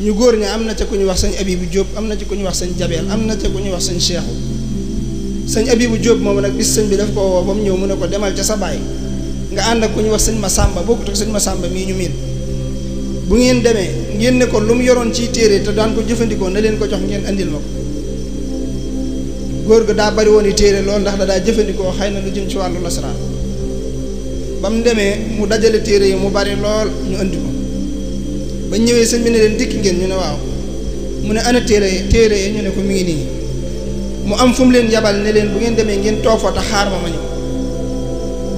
ñu góor ña am na ca ku ñu wax sañ sëñ bu Jóob am na ci ku ñu wax sañ Jabeel am na ca ku ñu wax sañ Seexu sëñ Abibu Jóob moom nag bis sëñ bi daf ko woo ba mu ñëw mu ne ko demal ca sa baay nga ànd ak ku ñu wax sëñ Masamba bokkut ak ma Masamba mii ñu miin bu ngeen demee ngeen ne ko lu mu yoroon ciy téere te daan ko jëfandikoo na leen ko jox ngeen andil ma ko góor ga daa bari woon i téere lool ndax da daa jëfandikoo xay na lu jëm ci wàllu nasaraan ba demee mu dajale téere yi mu bari lool ñu andi ba ñëwee sëñ bi ne leen dikki ngeen ñu ne waaw mu ne ana téere téere ya ñu ne ko mi ngi nii mu am fu mu leen yabal ne leen bu ngeen demee ngeen toog fa te xaar ma ma ñëw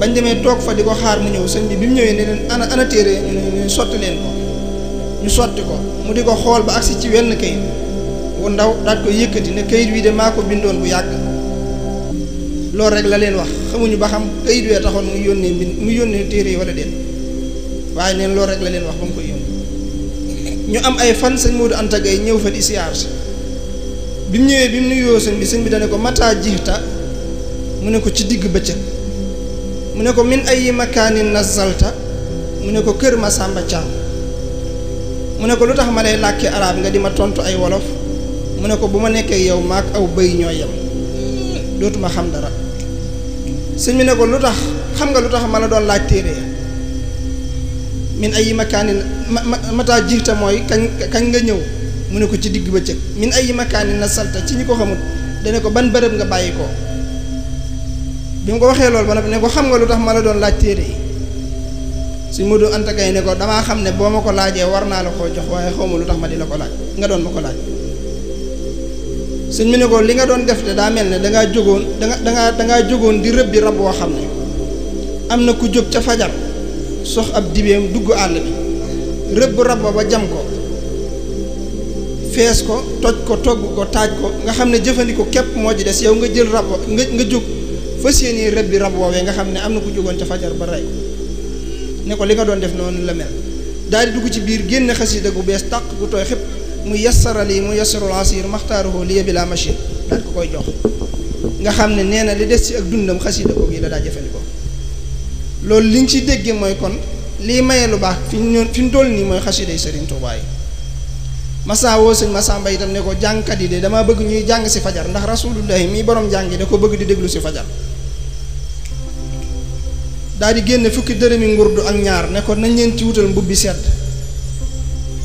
bañ demee toog fa di ko xaar mu ñëw sëñ bi mu ñëwee ne leen ana ana téere ñu ne sotti leen ko ñu sotti ko mu di ko xool ba agsi ci wenn kayit wu ndaw daat ko yëkkati ne kayit wi de maa ko bindoon bu yàgg loolu rek la leen wax xamuñu ba xam kayit wee taxoon mu yónnee mbind téere yi wala déet waaye neen loolu rek la leen wax ñu am ay fan sëñ Modou Anta Gaye ñëw fa di siyaar bi mu ñëwee bi mu nuyoo sëñ bi sëñ bi dane ko mataa jixta mu ne ko ci digg bëccëg mu ne ko min ay na nazalta mu ne ko kër Masamba Caam mu ne ko lu tax ma lay làkki araab nga di ma tontu ay wolof mu ne ko bu ma nekkee yow maak aw bëy ñoo yem dootuma xam dara sëñ bi ne ko lu tax xam nga lu tax ma la doon laaj téere min ay na ma mata jiita mooy kañ kañ nga ñëw mu ne ko ci digg bëccëg min ay makaani na salta ci ñi ko xamut dane ko ban bërëb nga bàyyi ko bi mu ko waxee loolu ba ne ko xam nga lu tax ma la doon laaj téere yi suñ ma doo antagay ne ko damaa xam ne boo ma ko laajee war naa la koo jox waaye xaw ma lu tax ma di la ko laaj nga doon ma ko laaj suñ mu ne ko li nga doon def te daa mel ne dangaa jógoon danga dangaa dangaa jógoon di rëb bi rab woo xam ne am na ku jóg ca fajar sox ab dugg àll bi rëbb rab ba jam ko fees ko toj ko togg ko taaj ko nga xam ne jëfandikoo képp moo ci des yow nga jël rab nga nga jóg fas yéenee rëbb bi rab woowee nga xam ne am na ku jógoon ca fajar ba rey ne ko li nga doon def noonu la mel dugg ci biir génn xasida gu bees tàq gu tooy xépp mu yassara yi mu yassarul asir maxtaaruhu liya bi la machine daal ko koy jox nga xam ne nee na li des ci ak dundam xasida googu yi la daa jëfandikoo loolu li ñu ci déggee mooy kon lii maye lu baax fi ñu fi ñu toll nii mooy xasiday Serigne Touba yi Massa woo sëñ Massa Mbaye itam ne ko jàngkat yi de damaa bëgg ñuy jàng si fajar ndax rasulullahi mii borom jàng yi da ko bëgg di déglu si fajar daal di génne fukki dërëmi ngurdu ak ñaar ne ko nañ leen ci wutal bi sedd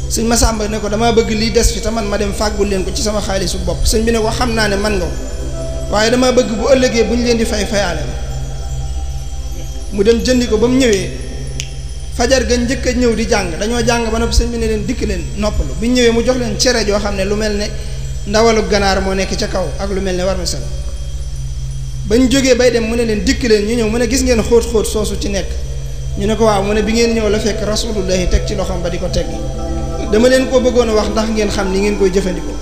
sëñ Massa Mbaye ne ko damaa bëgg lii des fi te man ma dem fàggul leen ko ci sama xaalisu bopp sëñ bi ne ko xam naa ne man nga ko waaye damaa bëgg bu ëllëgee bu ñu leen di fay fayaale mu dem jëndi ko ba mu ñëwee. fajar ga njëkk a ñëw di jàng dañoo jàng ba noppi sëñ bi ne leen dikk leen noppalu bi ñëwee mu jox leen cere joo xam ne lu mel ne ndawalu ganaar moo nekk ca kaw ak lu mel ne war na ba bañ jógee bay dem mu ne leen dikk leen ñu ñëw mu ne gis ngeen xóot-xóot soosu ci nekk ñu ne ko waaw mu ne bi ngeen ñëw la fekk rasulullahi teg ci loxoom ba di ko teg dama leen ko bëggoon wax ndax ngeen xam ni ngeen koy jëfandikoo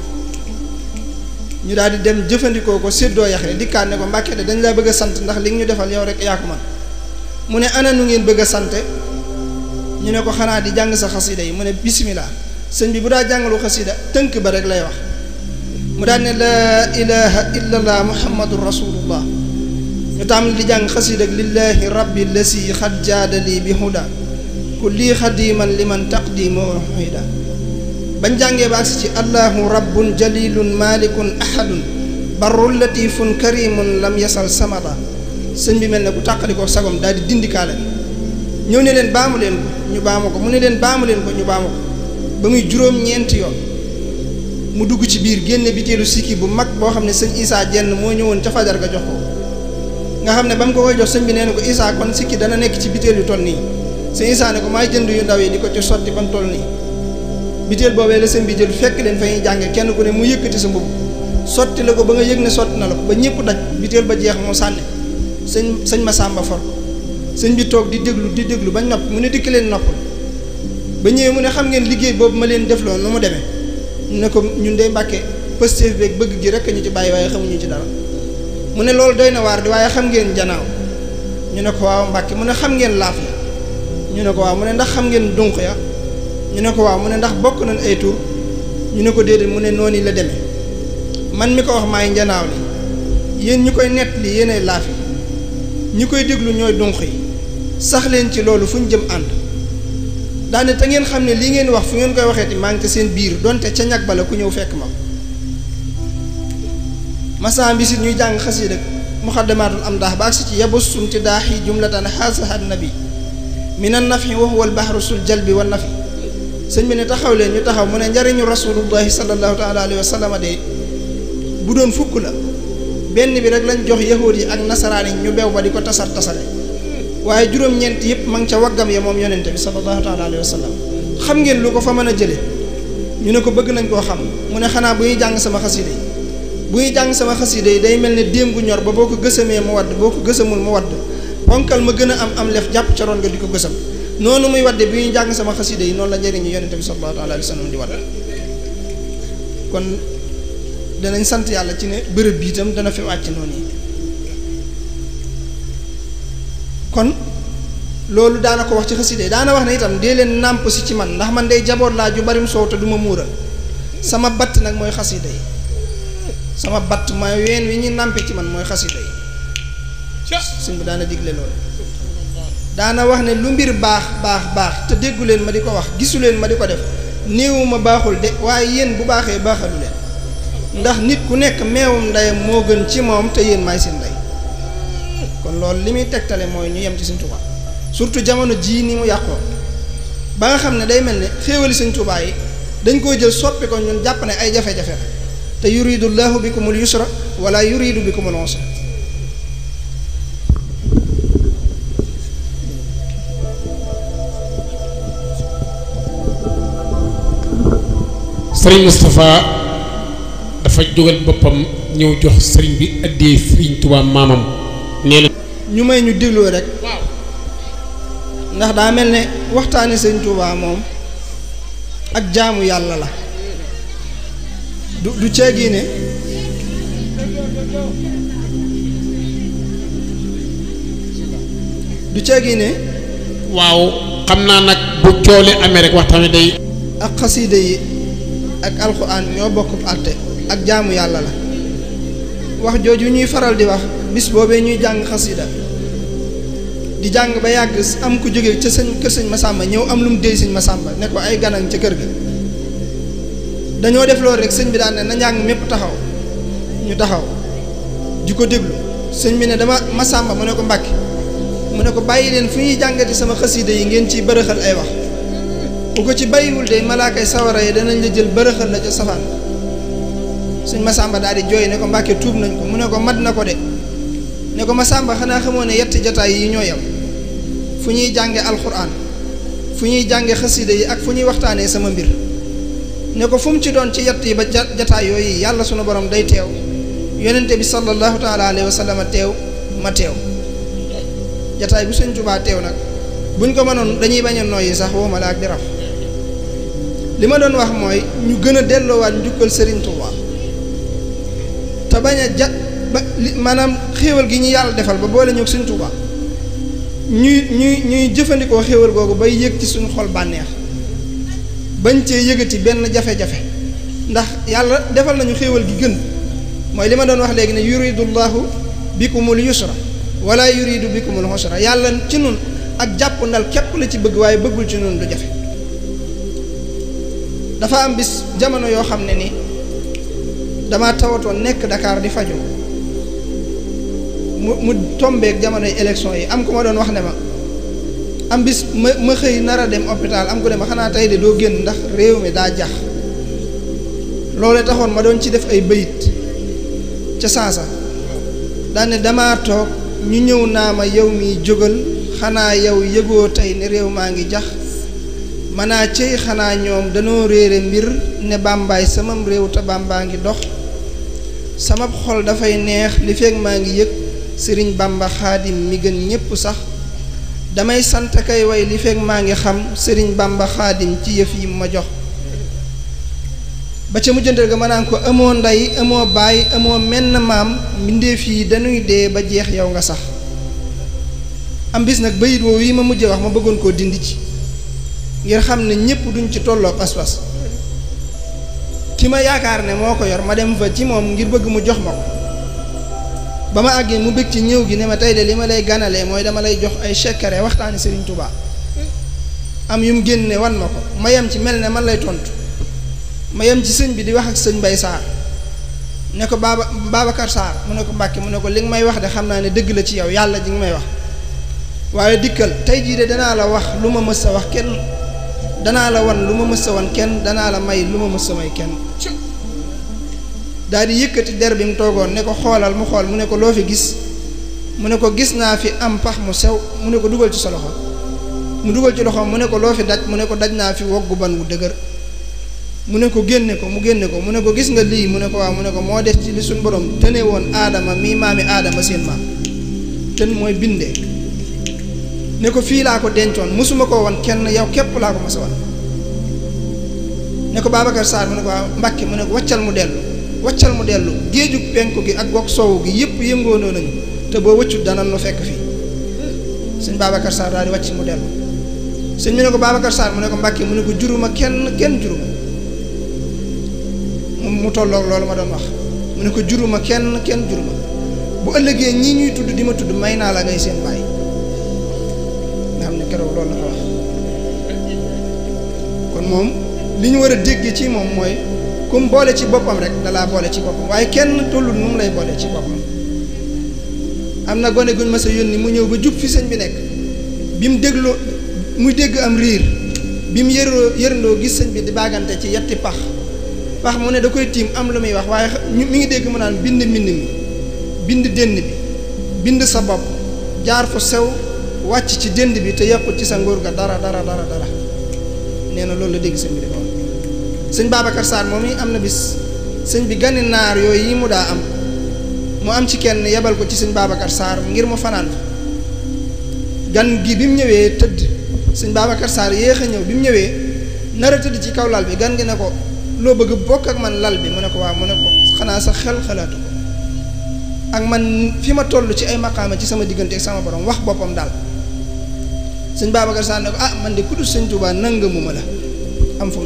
ñu daal di dem jëfandikoo ko séddoo yax yi dikkaat ne ko mbàkke de dañ laa bëgg sant ndax li nga ñu defal yow rek yaa ko mu ne ana nu ngeen bëgg a sante ñu ne ko xanaa di jàng sa xasida yi mu ne bismillah sëñ bi bu daa jàngalu xasida tënk ba rek lay wax mu daal ne laa ilaha illa allah muhammadu rasulullah ñu tàmm di jàng xasida ak lillahi rabbi lasi xad jaadali bi huda kulli xadiman liman taqdimu wahida bañ jàngee ba agsi ci allahu rabbun jalilun malikun ahadun barrun latifun karimun lam yasal samada sëñ bi mel ne bu tàqalikoo sagom daal di dindikaale ñëw ne leen baamu leen ko ñu baamu ko mu ne leen baamu leen ko ñu baamu ko ba muy juróom-ñeenti yoon mu dugg ci biir génne biteelu sikki bu mag boo xam ne sëñ Isaa jenn moo ñëwoon ca fajar ga jox ko nga xam ne ba mu ko koy jox sëñ bi nee na ko Isaa kon sikki dana nekk ci biteel yu toll nii sëñ Isaa ne ko maay jënd yu ndaw yi di ko ci sotti ba mu toll nii biteel boobee la sëñ bi jël fekk leen fa ñuy jànge kenn ku ne mu yëkkati sa mbubb sotti la ko ba nga yëg ne sotti na la ko ba ñëpp daj biteel ba jeex moo sànni sëñ sëñ Masamba for sëñ bi toog di déglu di déglu ba nopp mu ne dikk leen noppal ba ñëwee mu ne xam ngeen liggéey boobu ma leen defloon nu mu demee ne ko ñun day mbàkke positif beeg bëgg gi rek ñu ci bàyyi waaye xamuñu ci dara mu ne loolu doy na waar di waaye xam ngeen janaaw ñu ne ko waaw mbàkke mu ne xam ngeen laaf ya ñu ne ko waaw mu ne ndax xam ngeen dunq ya ñu ne ko waaw mu ne ndax bokk nañ ay tur ñu ne ko déedéet mu ne noonu la demee man mi ko wax maay njanaaw yéen ñu koy nett li yéenay laaf yi koy déglu ñooy dunq yi sax leen ci loolu fu ñu jëm ànd daane te ngeen xam ne lii ngeen wax fu ngeen koy waxee ti maa ngi seen biir donte ca ñag bala ku ñëw fekk ma masaan bi si ñuy jàng xasida muxaddamaatul am daax ba agsi ci yabassum ti daax yi jumlatan xaasahat na minan nafi wa huwa albaxru jal bi wa nafi sëñ bi ne taxaw leen ñu taxaw mu ne njariñu rasulullahi sallallahu taala alayhi wa sallam bu doon fukk la benn bi rek lañ jox yahuud yi ak nasaraan yi ñu bew ba di ko tasar tasare waaye juróom-ñeent yëpp ma ngi ca waggam ya moom yonente bi sallallahu taala alayhi wa sallam xam ngeen lu ko fa mën a jële ñu ne ko bëgg nañ koo xam mu ne xanaa bu ñuy jàng sama xasida yi bu ñuy jàng sama xasida yi day mel ne déem gu ñor ba boo ko gësamee mu wadd boo ko gësamul mu wadd ponkal ma gën am am lef jàpp ca di ko gësam noonu muy wadde bi jàng sama xasida yi noonu la njëriñu yonente bi sallallahu taala alayhi wa sallam di wadd kon danañ sant yàlla ci ne bërëb bi itam dana fi wàcc noonu yi kon loolu daana ko wax ci xaside daana wax ne itam dee leen nàmp si ci man ndax man day jaboot laaj yu barim soow te du ma muural sama batt nag mooy xaside yi sama batt mooy ween wi ñuy nàmpe ci man mooy xaside yi suñ bu daana digle loolu daana wax ne lu mbir baax baax baax te déggu leen ma di ko wax gisu leen ma di ko def néewuma baaxul de waaye yéen bu baaxee baaxalu leen ndax nit ku nekk meewum ndeyam moo gën ci moom te yéen maay seen ndey kon loolu li muy tegtale mooy ñu yem ci Sëñ Tuubaa surtout jamono jii ni mu yàqoo ba nga xam ne day mel ne xéewali Sëñ Tuubaa yi dañ koy jël soppi ko ñun jàpp ne ay jafe-jafe la te yuridu llahu bikumul yusra wala yuridu bikumul usra sëriñ Moustapha dafa jógal boppam ñëw jox sëriñ bi addee sëriñ Tuubaa maamam ñu may ñu déglu rek ndax daa mel ne waxtaane sëñ Tuubaa moom ak jaamu yàlla la du du ceegi ne du ceegi waaw xam naa nag bu coole amee rek waxtaan day ak xasiida yi ak alxuraan ñoo bokk àtte ak jaamu yàlla la wax jooju ñuy faral di wax bis boobee ñuy jàng xasiida di jàng ba yàgg am ku jóge ca sëñ kër sëñ sàmba ñëw am lu mu déy sëñ Masamba ne ko ay ganan ca kër ga dañoo def loolu rek sëñ bi daan ne na njàng mépp taxaw ñu taxaw di ko déglu sëñ bi ne dama sàmba mu ne ko Mbàkke mu ne ko bàyyi leen fu ñuy jàngati sama xasida yi ngeen ciy bërëxal ay wax bu ko ci bàyyiwul de malaakay sawara yi danañ la jël bërëxal na ca safaan sëñ Masamba daal di jooy ne ko Mbàkke tuub nañ ko mu ne ko mat na ko de ne ko Masamba xanaa xamoo ne yetti jataay yi ñoo yam fu ñuy jànge alxuraan fu ñuy jànge xasida yi ak fu ñuy waxtaanee sama mbir ne ko fu ci doon ci yett yi ba jataay yooyu yàlla sunu borom day teew yonente bi sallallahu taala alayhi wa sallam teew ma teew jataay bu sëñ Tuubaa teew nag buñ ko mënoon dañuy bañ a sax woo ma la ak di raf li ma doon wax mooy ñu gën a delloowaat njukkal Sëriñ Tuubaa te bañ a ja ba maanaam xéewal gi ñu yàlla defal ba boole ñëw Sëriñ Tuubaa ñuy ñuy ñuy jëfandikoo xéwal googu bay yëg ci suñu xol bànneex bañ cee yëgati benn jafe-jafe ndax yàlla defal nañu xéwal gi gën mooy li ma doon wax léegi ne yuridullahu bikumul yusra wala yuridu bikumul usra yàlla ci nun ak jàpp ndal képp la ci bëgg waaye bëggul ci nun du jafe dafa am bis jamono yoo xam ne ni dama tawatoon nekk ndakaar di faju mu mu tombeek jamonoy élection yi am ko ma doon wax ne ma am bis ma ma xëy nar a dem hôpital am ko ne ma xanaa tey de doo génn ndax réew mi daa jax loole taxoon ma doon ci def ay bayit ca saasa daane dama toog ñu ñëw naa ma yow mi jógal xanaa yow yëgoo tey ne réew maa ngi jax manaa cëy xanaa ñoom danoo réer mbir ne bàmbaay sama réew tabaam baa ngi dox samab xol dafay neex li feeg maa ngi yëg sëriñ bamba xaadim mi gën ñépp sax damay sant kay way li fekk maa ngi xam sëriñ bamba xaadim ci yëf yi ma jox ba ca mujjantal ga ma naan ko amoo ndey amoo baay amoo menn maam mbindéef yi dañuy dee ba jeex yow nga sax am bis nag bayit woowu yi ma mujj wax ma bëggoon koo dindi ci ngir xam ne ñépp duñ ci tolloo pas-pas ki ma yaakaar ne moo ko yor ma dem fa ci moom ngir bëgg mu jox ma ko ba ma àggee mu bëgg ci ñëw gi ne ma tey de li ma lay ganalee mooy dama lay jox ay sekkare waxtaani Serigne Touba am yu mu ne wan ma ko mayam ci mel ne man lay tontu mayam ci sëñ bi di wax ak sëñ Mbaye Sarr ne ko Baba Babacar Sarr mu ne ko Mbàkke mu ne ko li nga may wax de xam naa ne dëgg la ci yow yàlla ji nga may wax waaye dikkal tey jii de danaa la wax lu ma mës a wax kenn danaa la wan lu ma mës a wan kenn danaa la may lu ma mës a may kenn. daal di yëkkati der bi mu toogoon ne ko xoolal mu xool mu ne ko loo fi gis mu ne ko gis naa fi am pax mu sew mu ne ko dugal ci sa loxo mu dugal ci loxo mu ne ko loo fi daj mu ne ko daj naa fi woggu ban wu dëgër mu ne ko génne ko mu génne ko mu ne ko gis nga lii mu ne ko waaw mu ne ko moo des ci li borom tëne woon aadama mii maami aadama seen maam tën mooy bindee ne ko fii laa ko dencoon mosuma ko wan kenn yow képp laa ko mos a wan ne ko Babacar Sarr mu ne ko waaw Mbàkke mu ne waccal mu dellu waccal mu dellu géejug penku gi ak gox soow gi yëpp yëngoonoo nañu te boo wëccut dana nu fekk fii sëñ Babacar Sarr daal di mu dellu sëñ mu ne ko Babacar Sarr mu ne ko Mbàkke mu ne ko juruma kenn kenn juruma mu tolloog loolu ma ko juruma kenn kenn bu ëllëgee ñii ñuy tudd di ma tudd may naa la ngay seen bàyyi nga ne keroog loolu la ko wax kon moom li ñu war a déggee ci moom mooy kum boole ci boppam rek dalaa boole ci boppam waaye kenn tollul nu mu lay boole ci boppam am na gone guñ mas a yónni mu ñëw ba jub fi sëñ bi nekk bi mu dégloo mu dégg am riir bi mu yëroo yërndoo gis sëñ bi di baagante ci yetti pax pax mu ne da koy tiim am lu muy wax waaye mi ngi dégg mu naan bind mbind mi bind dënn bi bind sa bopp jaar fu sew wàcc ci dënd bi te yàqut ci sa nguur ga dara dara dara nee na loolu la dégg sëñ bi di Sin baba karsar moom momi am na bis sin bi gani nar yoy yi mu da am mu am ci kenn yebal ko ci baba Babacar ngir mu fanan gan gi bim ñewé teud tëdd baba Babacar Sarr yéex a ñëw bi mu ñëwee nar ci kaw lal bi gan gi ne ko loo bëgg bok ak man lal bi mu ne ko waaw mu ne ko sa xel xalaatu ak man fi ma tollu ci ay maqama ci sama digënté sama borom wax bopam dal sëñ baba Sarr ne ko ah man de kudu dul Touba nangamuma la am fu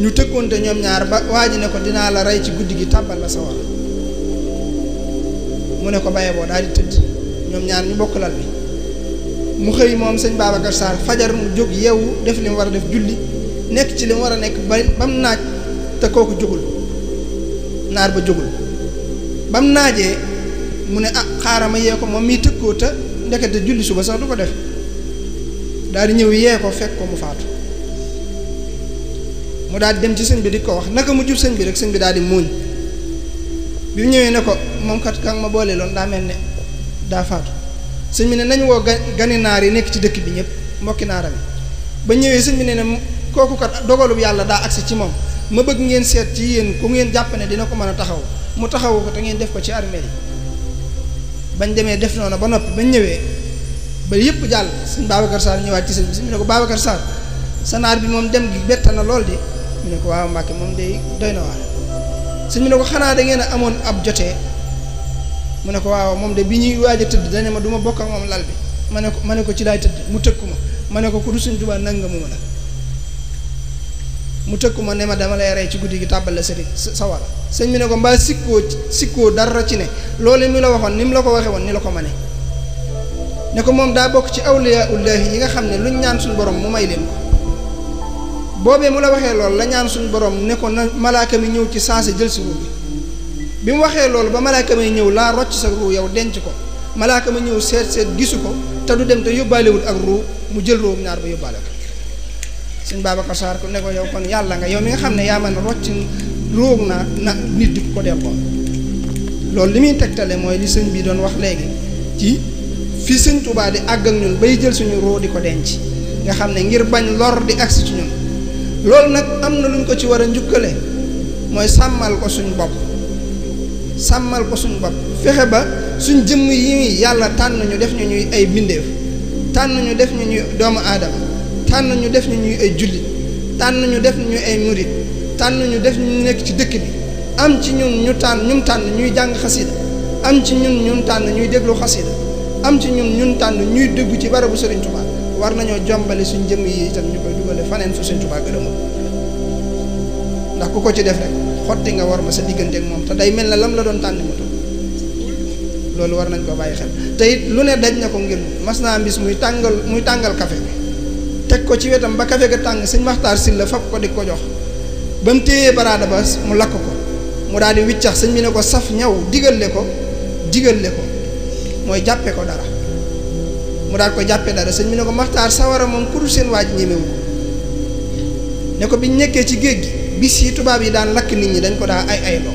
ñu te ñoom ñaar ba waa ji ne ko dinaa la rey ci guddi gi tàbbal la sawar mu ne ko baye daal di tëdd ñoom ñaar ñu bokk lal bi mu xëy moom sëñ Babacar Sarr fajar mu jóg yeewu def li mu war a def julli nekk ci li mu war a nekk ba bam naaj te kooku jógul naar ba jógul bam naajee mu ne a ah, xaaral ma yee ko moom miy tëkkoo te ndekete julli suba sax du ko def daal di ñëw yee ko fekk ko mu faatu mu daal di dem ci sëñ bi di ko wax naka mu jub sëñ bi rek sëñ bi daal di muuñ bi ñëwee ne ko moom kat kan ma boole loon daa mel ne daa faatu sëñ bi ne nañu woo gani naar yi nekk ci dëkk bi ñëpp mbokki naaram yi ba ñëwee sëñ ne ne kooku kat dogalub yàlla daa agsi ci moom ma bëgg ngeen seet ci yéen ku ngeen jàpp dina ko mën a taxaw mu taxawu ko te ngeen def ko ci bañ demee def noonu ba noppi bañ ñëwee ba yëpp jàll sëñ Babacar Sarr ñëwaat ci sëñ bi sëñ bi ne ko Babacar Sarr sa naar bi moom dem gi bett na lool de mu ne ko waaw Mbàkke moom day doy na waar sëñ bi ne ko xanaa da ngeen a amoon ab jotee mu ne ko waaw moom de bi ñuy waaja tëdd dane ma duma ma bokk ak moom lal bi ma ne ko ma ne ko ci laay tëdd mu tëkku ma ma ne ko ku du Sëñ Tuubaa nangamuma la mu tëkku ma ne ma dama lay rey ci guddi gi tàbbal la sëriñ sawara sëñ bi ne ko mbaa sikkoo sikkoo dara ci ne loolu mi la waxoon ni la ko waxee woon ni la ko ma ne ne ko moom daa bokk ci awliyaa ullaahi yi nga xam ne luñ ñaan suñu borom mu may leen boobee mu la waxee loolu la ñaan suñu borom ne ko na malaaka mi ñëw ci saase si ruu bi bi mu waxee loolu ba malaaka may ñëw laa rocc sa ruu yow denc ko malaaka ma ñëw seet seet gisu ko te du dem te yóbbaalewul ak ruu mu jël ruum ñaar ba yóbbaale ko suñ Babacar Sarr ku ne ko yow kon yàlla nga yow mi nga xam ne yaa man rocc ruum naa na nit di ko delloo loolu li muy teg tale mooy li sëñ bi doon wax léegi ci fi sëñ Tuubaa di àgg ak ñun bay jël suñu ruu di ko denc nga xam ne ngir bañ lor di agsi ci ñun loolu nag am na lu ñu ko ci war a njukkale mooy sàmmal ko suñ bopp sàmmal ko suñ bopp fexe ba suñ jëmm yi yàlla tànn ñu def ñu ñuy ay mbindeef tànn ñu def ñu ñuy doomu aadama tànn ñu def ñu ñuy ay jullit tànn ñu def ñu ñuy ay murit tànn ñu def ñu nekk ci dëkk bi am ci ñun ñu tànn ñum tànn ñuy jàng xasida am ci ñun ñun tànn ñuy déglu xasida am ci ñun ñun tànn ñuy dégg ci barabu Sëriñ Tuubaa war nañoo jombale suñ jëm yi itam ñu koy dugale faneen fu suñ Tuubaa gërëmul ndax ku ko ci def rek xotti nga war ma sa diggante moom te day mel ne lam la doon tànn mu tudd loolu war nañ ko bàyyi xel tey it lu ne daj na ko ngir mas naa bis muy tàngal muy tàngal kafe bi teg ko ci wetam ba kafe ga tàng sëñ Maxtaar Silla fab ko di ko jox ba mu téyee baraada ba mu lakk ko mu daal di wiccax sañ bi ne ko saf ñaw digale ko digale ko mooy jàppe ko dara mu daal ko jàppee dara sëñ bi ne ko maxtaar sawara moom ku seen waaj ñemewu ko ne ko biñ nekkee ci géej gi bis yi tubaab yi daan lakk nit ñi dañ ko daa ay ay loo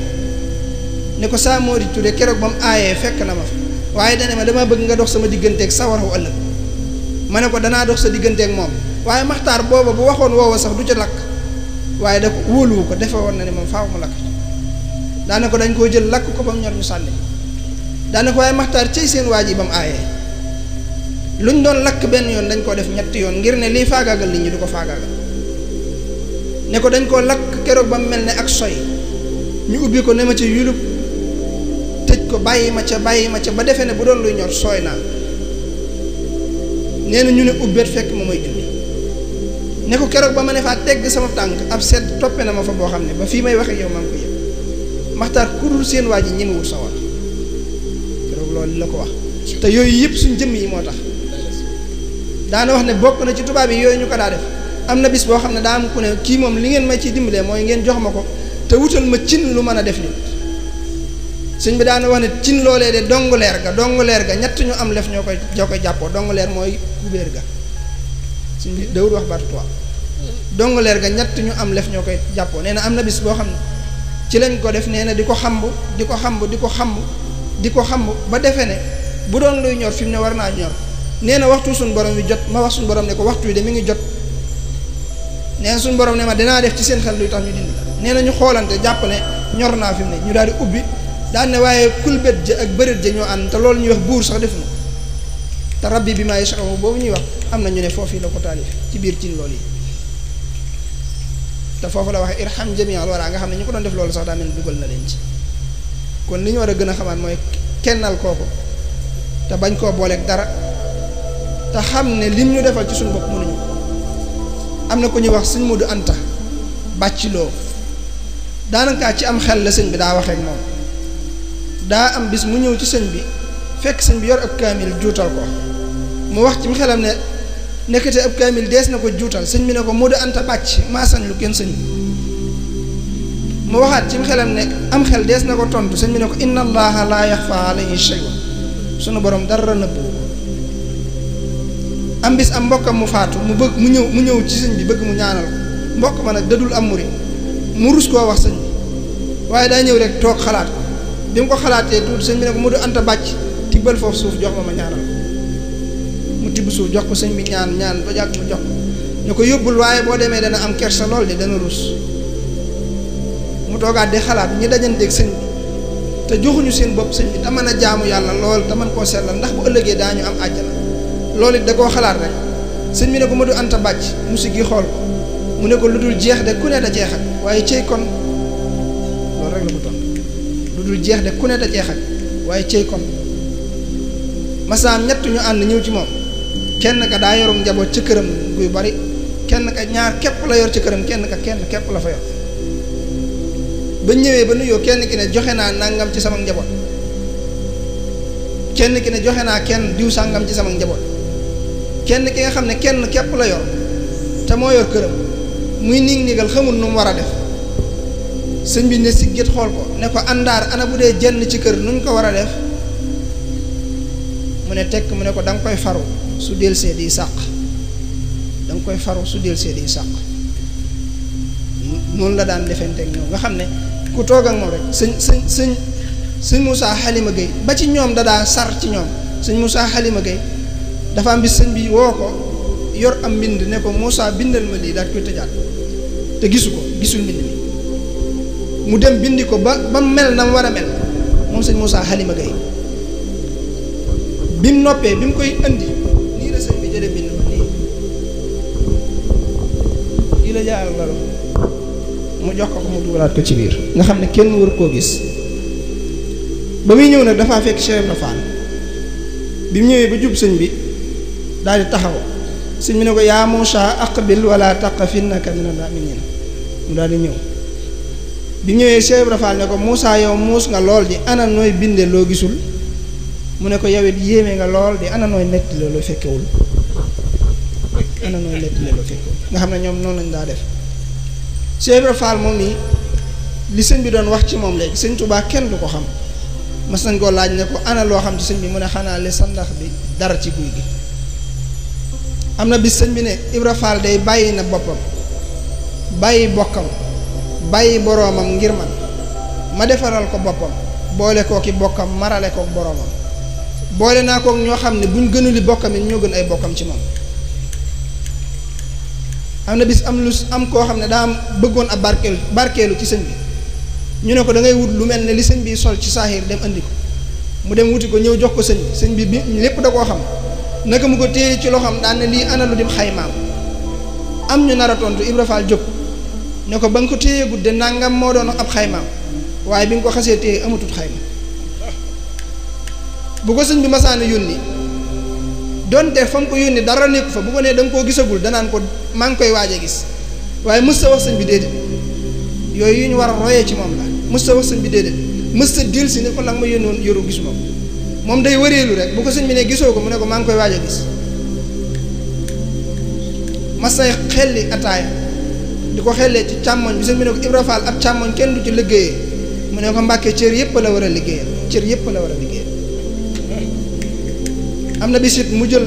ne ko saa Mori Touré keroog ba mu aayee fekk na ma fi waaye dane ma dama bëgg nga dox sama digganteeg sawarawu ëllëg ma ne ko danaa dox sa digganteeg moom waaye maxtaar booba bu waxoon woowa sax du ca lakk waaye da ko wóoluwu ko defe woon na ne moom faaw mu lakk daane ko dañ koo jël lakk ko ba mu ñor ñu sànni daane ko seen waaj yi ba mu luñ doon lakk benn yoon dañ ko def ñett yoon ngir ne lii faagaagal nit ñi du ko faagaagal ne ko dañ koo lakk keroog ba mel ne ak soy ñu ubbi ko ne ma ca yulub tëj ko bàyyi ma ca bàyyi ma ca ba defee ne bu doon luy ñor sooy naa nee na ñu ne ubbeet fekk ma may julli ne ko keroog ba ma ne faa tegg sama tànk ab set toppe na ma fa boo xam ne ba fii may waxe yow maa ngi ko yëg maxtaar kurul seen waa ji ñemewul sa war keroog loolu la ko wax te yooyu yëpp suñ jëmm yi moo daana wax ne bokk na ci tubaab yi yooyu ñu ko daa def am na bis boo xam ne daa am ku ne moom li ngeen ma ciy dimbalee mooy ngeen jox ma ko te wutal ma cin lu mën a def nit sëñ bi daana wax ne cin loolee de dong leer ga dong leer ga ñett ñu am lef ñoo koy ñoo koy jàppoo leer mooy kubéer ga sëñ bi dawul wax leer ga ñett ñu am lef ñoo koy jàppoo nee na am na bis boo xam ne ci lañ ko def nee na di ko xamb di ko xamb di ko xamb di ko xamb ba defe ne bu doon luy ñor fi mu ne war naa ñor nee na waxtu suñu borom wi jot ma wax suñu borom ne ko waxtu wi de mi ngi jot nee suñu borom ne ma dinaa def ci seen xel luy tax ñu dindi nee na ñu xoolante jàpp ne ñor naa fi mu ne ñu daal di ubbi daan waaye kulbét ja ak bëreet ja ñoo loolu ñuy wax buur sax def na bi maa yasha'u boobu ñuy wax am na ñu ne foofii la ko taalif ci biir cin loolu yi te foofu la waxee irham jami'al wara nga xam ne ñu ko doon def loolu sax daa mel na leen ci kon li ñu war a gën a xamaat mooy kennal ko te bañ koo booleeg dara. te xam ne lim ñu defal ci suñu bopp mënuñu am na ko ñuy wax sëñ Modou Anta loo daanaka ci am xel la sëñ bi daa waxee ak moom daa am bis mu ñëw ci sëñ bi fekk sëñ bi yor ab kaamil juutal ko mu wax ci mu xelam ne nekkate ab kaamil dees na ko juutal sëñ bi ne ko Modou Anta bàcc maa sañ lu kenn sëñ bi mu waxaat ci mu xelam ne am xel dees na ko tontu sëñ bi ne ko inna allaha laa yaxfa alayhi shay sunu borom dara nëbbu am bis am mbokkam mu faatu mu bëgg mu ñëw mu ñëw ci sëñ bi bëgg mu ñaanal ko mbokk ma nag dadul am murit mu rus koo wax sëñ bi waaye daa ñëw rek toog xalaat ko bi mu ko xalaatee tuuti sëñ bi ne ko mu du anta bàcc tibbal foofu suuf jox ma ma ñaanal mu tibb suuf jox ko sëñ bi ñaan ñaan ba jàgg jox ko ñu ko yóbbul waaye boo demee dana am kersa lool de dana rus mu toogaat di xalaat ñi dajanteeg sëñ bi te joxuñu seen bopp sëñ bi te mën a jaamu yàlla lool te mën koo sellal ndax bu ëllëgee daañu am àjjana loolu it da koo xalaat rek sëñ bi ne ko ma du anta bàcc musik yi xool ko mu ne ko lu dul jeex de ku ne da jeexal waaye cey kon loolu rek ko ne da jeexal waaye cey kon masaam ñett ñu ànd ñëw ci moom kenn ka daa yorum njaboot ca këram guy bari kenn ka ñaar képp la yor ca këram kenn ka kenn képp la fa yor ba ñëwee ba nuyoo kenn ki ne joxe naa nàngam ci sama njaboot kenn ki ne joxe naa kenn diw sàngam ci sama njaboot kenn ki nga xam ne kenn képp la yoon te moo yor këram muy nig nigal xamul nu mu war a def sëñ bi si siggit xool ko ne ko àndaar ana bu dee jenn ci kër nu ñu ko war a def mu ne tekk mu ne ko da koy faru su delsee di sàq da koy faru su delsee di sàq noonu la daan defenteeg ñoom nga xam ne ku toog ak moom rek sëñ sëñ sëñ sëñ Moussa Halima Gueye ba ci ñoom da daa sar ci ñoom sëñ musaa Halima Gueye dafa am bi sëñ bi woo ko yor am mbind ne ko Moussa bindal ma lii daal koy tëjaat te gisu ko gisul mbind mi mu dem bind ko ba ba mel na mu war a mel moom sëñ Moussa Halima Gaye bi mu noppee bi mu koy indi nii la sëñ bi jële mbind ma nii lii la jaaral la mu jox ko ko mu dugalaat ko ci biir nga xam ne kenn war koo gis ba muy ñëw nag dafaa fekk Cheikh Ibra Fall bi mu ñëwee ba jub sëñ bi daal taxaw sëñ bi ne ko yaa Muusa aqbil wala taqaf innaka minal mu'minin mu daal di ñëw bi ñëwee Cheikh Ibra ne ko Muusa yow muus nga lool di ana nooy binde loo gisul mu ne ko yow it yéeme nga lool di ana nooy nettali loo fekkewul ana nooy nettali loo fekkewul nga xam ne ñoom noonu lañ daa def Cheikh Ibra moom nii li sëñ bi doon wax ci moom léegi sëñ Tuubaa kenn du ko xam mas nañ koo laaj ne ko ana loo xam ci sëñ bi mu ne xanaa li sandax bi dara ci guy gi am na bis sëñ bi ne Ibra Fall day bàyyi na boppam bàyyi bokkam bàyyi boroomam ngir man ma defaral ko boppam boole koo ki bokkam marale kook boroomam boole naa kook ñoo xam ne buñ gënuli bokkam it ñoo gën ay bokkam ci moom am na bis am lu am koo xam ne daa am bëggoon ab barkeelu barkeelu ci sëñ bi ñu ne ko da ngay wut lu mel ne li sëñ bi sol ci saaxiir dem andi ko mu dem wuti ko ñëw jox ko sëñ bi sëñ bi bi lépp da koo xam naka mu ko téye ci loxoom daan ne lii ana lu dim xaymaam am ñu nar a tontu Ibra Fall jóg ne ko ba nga ko téye gudde nangam moo doon ab xaymaam waaye bi nga ko xasee téye amatut xayma bu ko sëñ bi masaana yónni donte fa mu ko yónni dara nekk fa bu ko nee da koo gisagul danaan ko maa ngi koy waaje gis waaye mës sa wax sëñ bi déedéet yooyu yu ñu war a royee ci moom la mës sa wax bi déedéet mës sa si ne ko nag ma yónnoon yoru gis moom moom day wëreelu rek bu ko sëñ bi ne gisoo ko mu ne ko maa ngi koy waaj a gis masay xelli ataaya di ko xellee ci càmmoñ bi sëñ bi ne ko Ibra ab càmmoñ kenn du ci liggéeyee mu ne ko mbàkkee cër yëpp la war a liggéeyal cër yëpp la war a liggéeyal am na bisit mu jël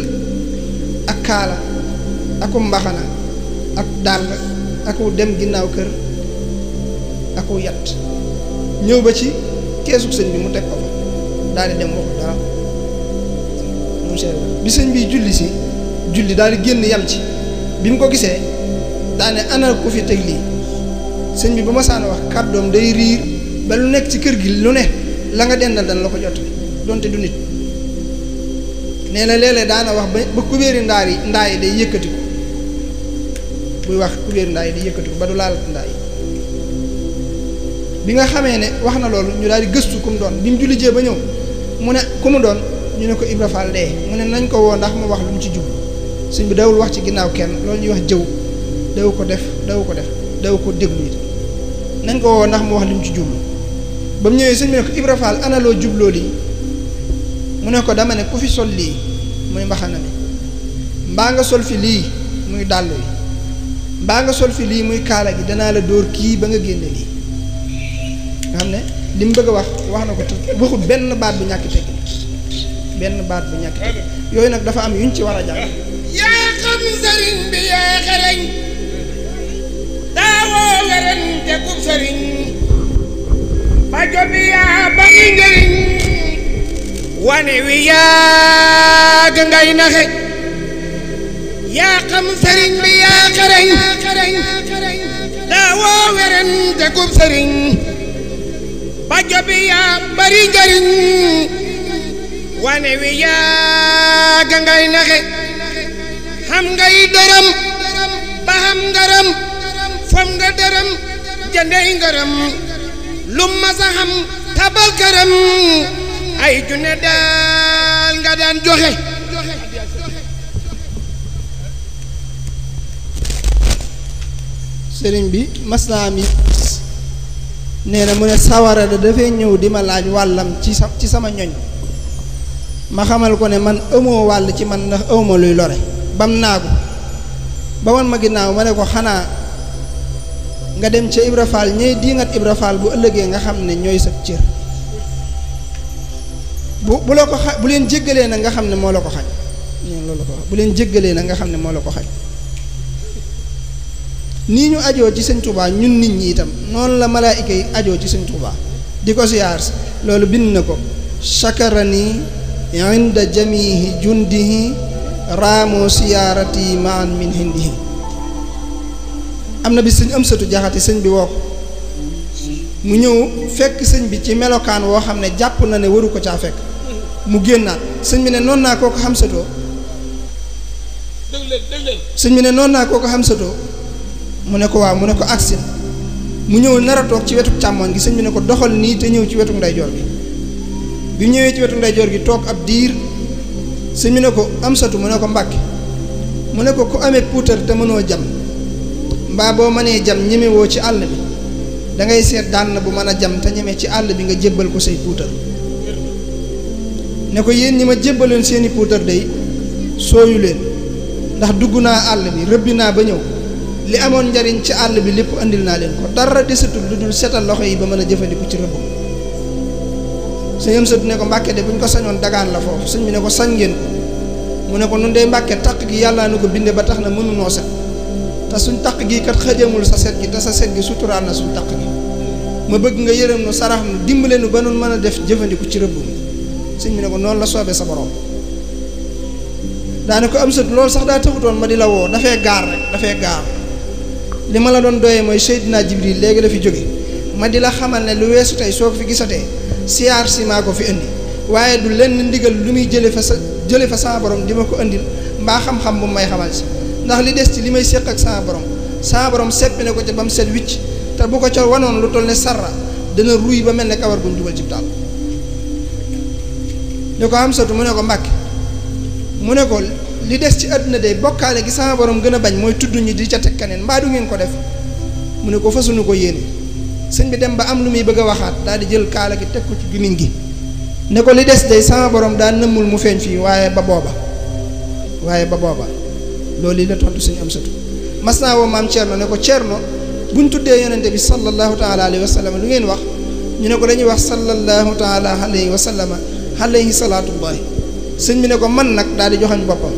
ak kaala aku mbaxana ak dàll aku dem ginnaaw kër aku yat ñëw ba ci keesu sëñ bi mu teg ko fa daal di dem wax dara bi sëñ bi julli si julli daal di génn yam ci bi mu ko gisee daane ana ko fi teg lii sëñ bi ba ma saan wax kàddoom day riir ba lu nekk ci kër gi lu ne la nga dendal dana la ko jot donte du nit nee na léeg-léeg daana wax ba ba kubéeri yi ndaa yi day yëkkati ko buy wax kubéeri ndaa yi day yëkkati ko ba du laal ndaa yi bi nga xamee ne wax na loolu ñu daal di gëstu kum doon bi mu julli jee ba ñëw mu ne ku mu doon ñu ne ko Ibra Fall dee mu ne nañ ko woo ndax mu wax lu mu ci jublu suñ bi dawul wax ci ginnaaw kenn loolu ñuy wax jëw daw ko def daw ko def daw ko déglu it nañ ko woo ndax mu wax lu mu ci jublu ba mu ñëwee sëñ bi ne ko Ibra Fall jubloo lii mu ne ko dama ne ku fi sol lii muy mbaxana mi mbaa nga sol fi lii muy dàll wi mbaa nga sol fi lii muy kaala gi danaa la dóor kii ba nga génne lii nga xam ne li mu bëgg wax wax na ko te waxut benn baat bu ñàkk tekki benn baat bu ñàkk tekki yooyu nag dafa am yuñ ci war a jàng yaa xam sëriñ bi yaa xelañ daawoo werante ku sëriñ sëriñ bajo bi yaa bari njariñ wane wi yaaga ngay naxe xam ngay dërëm ba xam ngaram fam nga dërëm jëndey ngaram lu masa xam tabal këram ay junne daal nga daan joxe sëriñ bi mas naa nee na mu ne sawara da dafay ñëw di ma laaj wàllam ci sa ci sama ñoñ ma xamal ko ne man amoo wàll ci man ndax awma luy lore bam naa ko ba wan ma ginnaaw ma ne ko xanaa nga dem ca Ibra Fall ñey diingat Ibra Fall bu ëllëgee nga xam ne ñooy sa cër bu bu la ko xa bu leen jéggalee na nga xam ne moo la ko xañ loolu ko bu leen jéggalee na nga xam ne moo la ko xañ nii ñu ajoo ci sëñ Touba ñun nit ñi itam noonu la malaayika yi ajoo ci sëñ Touba di ko siyaar loolu bind na ko chakarani inda jamihi jundihi raamu siyaarati maan min hindihi am na bi sëñ am satu jaxati sëñ bi woo ko mu ñëw fekk sëñ bi ci melokaan woo xam ne jàpp na ne waru ko caa fekk mu génnaat sëñ bi ne noon naa koo ko xam satoo sëñ bi ne noonu naa koo ko xam mu ne ko waaw mu ne ko agsil mu ñëw nara a toog ci wetu càmmoñ gi sëñ bi ne ko doxal nii te ñëw ci wetu ndeyjoor gi bi mu ñëwee ci wetu ndeyjoor gi toog ab diir sëñ bi ne ko am satu mu ne ko mbàkke mu ne ko ku amee puutar te mënoo jam mbaa boo mënee jam ñemewoo ci àll bi da ngay seet daan bu mën jam te ñeme ci àll bi nga jébbal ko say puutar ne ko yéen ñi ma jébbaloon seeni puutar day sooyu leen ndax dugg naa àll bi rëbbi ba ñëw li amoon njariñ ci àll bi lepp andil na len ko dara desatul lu dul setal loxe yi ba meuna a jëfandiku ci rëbb suñu am sëtu ne ko mbacke de buñ ko sañon dagaan la fofu señ mi ne ko sañ ngeen ko mu ne ko nun day mbacke tak gi yalla nu ko binde ba taxna na no set ta suñ tak gi kat xëjamul sa set gi ta sa set gi sutura na suñ tak gi ma bëgg nga yërëm no sarax nu dimbale nu banun meuna def jëfandiku ci señ mi ne ko non la soobee sa borom daane ko am sax da ma di la da gar rek gar li ma la doon doyee mooy Seydina Jibril léegi la fi jóge ma di la xamal ne lu weesu tey soo ko fi gisatee siyaar si maa ko fi indi waaye du lenn ndigal li muy jële fa sa jële fa saa borom di ma ko indil mbaa xam-xam bu may xamal si ndax li des ci li may séq ak saa borom saa borom seppi na ko ca ba mu set wicc te bu ko ca wanoon lu toll ne sarra dana ruy ba mel ne kawar bu ñu dugal ci taal ñu ko am satu mu ne ko mbàkke mu ne ko li des ci àdduna de bokkaale gi sama borom gën a bañ mooy tudd ñi di ca teg keneen mbaa du ngeen ko def mu ne ko fasuñu ko yéene sëñ bi dem ba am lu muy bëgg a waxaat daal di jël kaala gi teg ko ci gimiñ gi ne ko li des de sama borom daa nëmmul mu feeñ fii waaye ba booba waaye ba booba loolu yi la tontu suñu am satu mas naa woo maam Thierno ne ko Thierno bu ñu tuddee yonente bi sallallahu taala alayhi wa sallam lu ngeen wax ñu ne ko dañuy wax sallallahu taala alayhi wa sallam alayhi salaatullahi sëñ bi ne ko man nag daal di joxañ boppam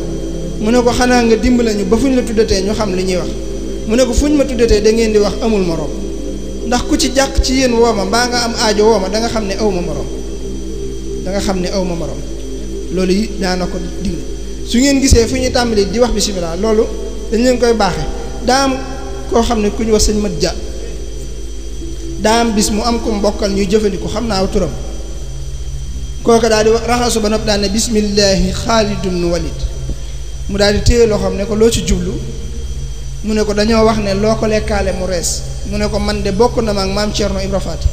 mu ne ko xanaa nga dimbale ñu ba fu ñu la tuddatee ñu xam li ñuy wax mu ne ko fu ñu ma tuddatee da ngeen di wax amul moroom ndax ku ci jàq ci yéen woo ma mbaa nga am aajo woo ma da xam ne aw ma moroom nga xam ne aw ma loolu yi daana ko digle su ngeen gisee fu ñu tàmbali di wax bisimilah loolu dañ leen koy baaxee daa am koo xam ne ku ñu wax sëñ mat ja daa am bis mu am ko mbokkal ñuy jëfandiku xam naa turam kooka daa di raxasu ba nopp daan ne bisimilahi xaalidun mu daal di téye loxo ne ko loo ci jublu mu ne ko dañoo wax ne loo ko lekkaale mu rees mu ne ko man de bokk na ma ak maam Thierno Ibra Faty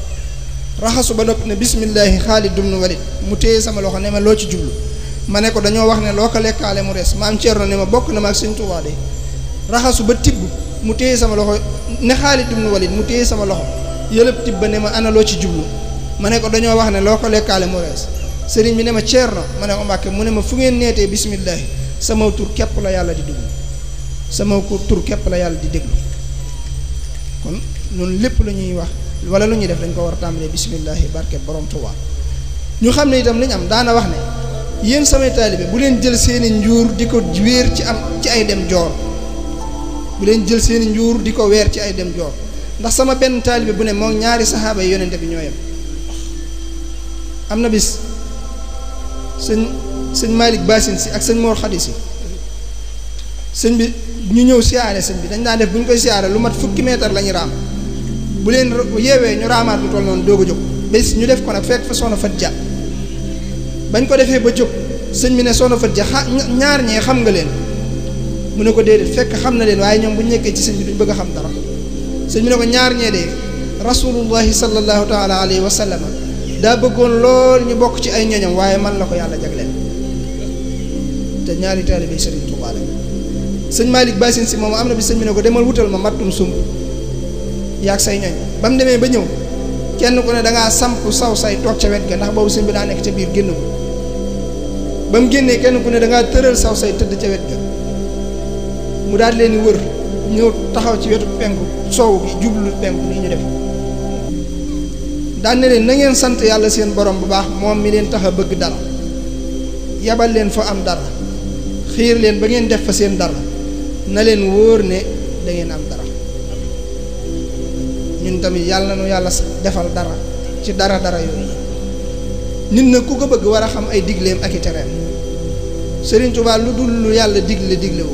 raxasu ba noppi ne bismillahi Xaalid ibn Walid mu téye sama loxo ne loo ci jublu ma ne ko dañoo wax ne loo ko lekkaale mu rees maam Thierno ne ma bokk na ma ak raxasu ba tibb mu téye sama loxo ne Xaalid ibn Walid mu téye sama loxo yëlëb tibb ne ma ana loo ci jublu ma ne ko dañoo wax ne loo ko lekkaale mu rees sëriñ bi ne ma Thierno ma ne ko Mbàkke mu ne ma fu ngeen neetee bismillahi sama tur kepp la yàlla di dugg sama tur képp la yàlla di déglu kon noonu lépp lu ñuy wax wala lu ñuy def dañ ko war a tàmbalee bisimillahi barke borom Tuubaa ñu xam ne itam li am daana wax ne yéen samay taalibe bu leen jël seeni njuur di ko wéer ci am ci ay dem joor bu leen jël seeni njuur di ko weer ci ay dem joor ndax sama benn taalibe bu ne moom ñaari saxaaba yi yonente bi ñoo yem am na bis sëñ sëñ Malick Bassine si ak sëñ Mor Khady si sëñ bi ñu ñëw siyaare sëñ bi dañ daan def bu ñu koy siyaare lu mat fukki meetar la ñu raam bu leen yeewee ñu raamaat lu toll noonu doog jóg bés ñu def ko nag fekk fa soxna Fat Ja bañ ko defee ba jóg sëñ bi ne soxna Fat Ja ñaar ñee xam nga leen mu ne ko déedéet fekk xam na leen waaye ñoom bu ñu nekkee ci sëñ bi duñ bëgg xam dara sëñ bi ne ko ñaar ñee de rasulullahi sallallahu taala alayhi wa sallam daa bëggoon lool ñu bokk ci ay ñoñam waaye man la ko yàlla jagleel. te ñaari taalibe Serigne Touba la serigne malik bassin si mom amna bi serigne ne ko demal wutal ma mattum sumb yaag say ñoy bam mu ba ñew kenn ku ne da nga samp saw say tok ci wet ga ndax boobu serigne bi da nek ci bir gennu bam genné kenn ku ne da nga tëral saw say tedd ci wet ga mu daal leen wër ñu taxaw ci wetu penku sow gi jublu penku ni ñu def daan ne leen na ngeen sante yalla seen borom bu baax mom mi leen taxa bëgg dara yabal leen fa am dara xiir leen ba ngeen def fa seen dara na leen wóor ne da ngeen am dara ñun tamit yàlla na nu yàlla defal dara ci dara dara yooyu nit na ku ko bëgg war a xam ay digleem ak i tereem Sëriñ Tuubaa lu dul lu yàlla digle diglewu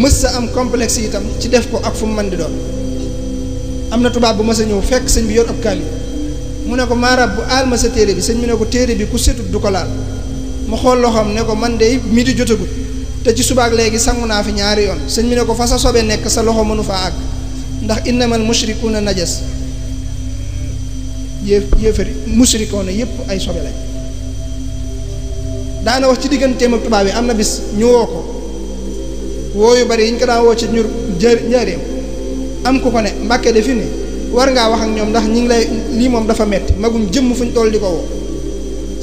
mës sa am complexe itam ci def ko ak fu mu mën di doon am na tubaab bu mës a ñëw fekk sëñ bi yoon ab kaamil mu ne ko maarab bu aal ma sa téere bi sëñ mu ne ko téere bi ku setut du ko laal mu xool loxoom ne ko man de mi di jotagut te ci subaak léegi sangu naa fi ñaari yoon sëñ bi ne ko fa sa sobe nekk sa loxo mënu faa àgg ndax innamal mushrikuuna najas yéef yéefari mushrikuuna yépp ay sobe lañ daana wax ci digganteem ak tubaab yi am na bis ñu woo ko woo yu bari yi ñu ko daan woo ci ñur njëriñam am ku ko ne mbàkke de fi war ngaa wax ak ñoom ndax ñi ngi lay lii moom dafa metti magum jëmm fu ñu toll di ko woo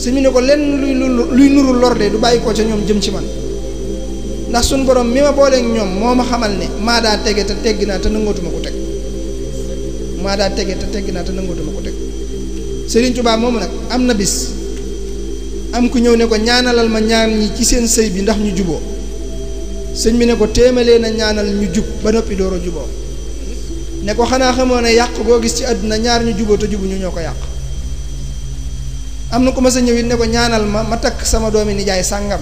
sëñ bi ne ko lenn luy luy nuru lor de du bàyyi ko ca ñoom jëm ci man ndax suñ borom mi ma booleeg ñoom moo ma xamal ne maa daa tege te teggi naa te nangootuma ko teg maa daa tege te ko teg Serigne Touba moomu nag am na bis am ku ñëw ne ko ñaanalal ma ñaar ñi ci seen sëy bi ndax ñu juboo sëñ bi ne ko téemalee na ñaanal ñu jub ba noppi door a juboo ne ko xanaa xamoon ne yàq goo gis ci àdduna ñaar ñu juboo te jubu ñu ñoo ko yàq am na ko ma sa ñëw ne ko ñaanal ma ma takk sama doomi nijaay sàngam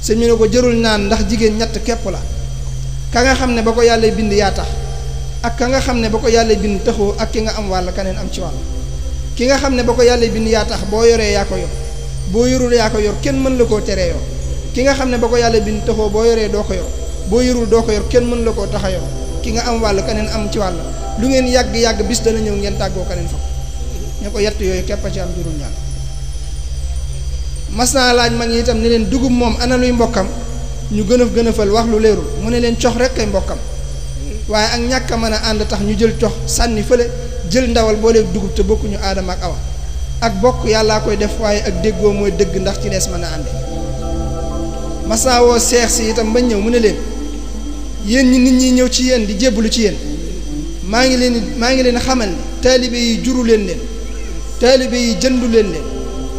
sëñ bi ne ko jërul ñaan ndax jigéen ñett képp la ka nga xam ne ba ko yàlla bind yaa tax ak ka nga xam ne ba ko yàlla bind taxoo ak ki nga am wàll kaneen am ci wàll ki nga xam ne ba ko yàlla bind yaa tax boo yoree yaa ko yor boo yorul yaa ko yor kenn mën la koo teree yor ki nga xam ne ba ko yàlla bind taxoo boo yoree doo ko yor boo yorul doo ko yor kenn mën la koo tax a yor ki nga am wàll kaneen am ci wàll lu ngeen yàgg-yàgg bis dana ñëw ngeen tàggoo kaneen fa ko yett yooyu képp a ci am mas naa laaj mag ñi itam ne leen dugub moom ana luy mbokkam ñu gën a gën a fal wax lu leerul mu ne leen cox rek kay mbokkam waaye ak ñàkk a mën a ànd tax ñu jël cox sànni fële jël ndawal boolee dugub te bokkuñu aadama ak awa ak bokk yàllaa koy def waaye ak déggoo mooy dëgg ndax ci lees mën a ànde mas naa woo seex si itam bañ ñëw mu ne leen yéen ñi nit ñi ñëw ci yéen di jébbalu ci yéen maa ngi leen maa ngi leen xamal ni taalibe yi juru leen leen taalibe yi jëndu leen leen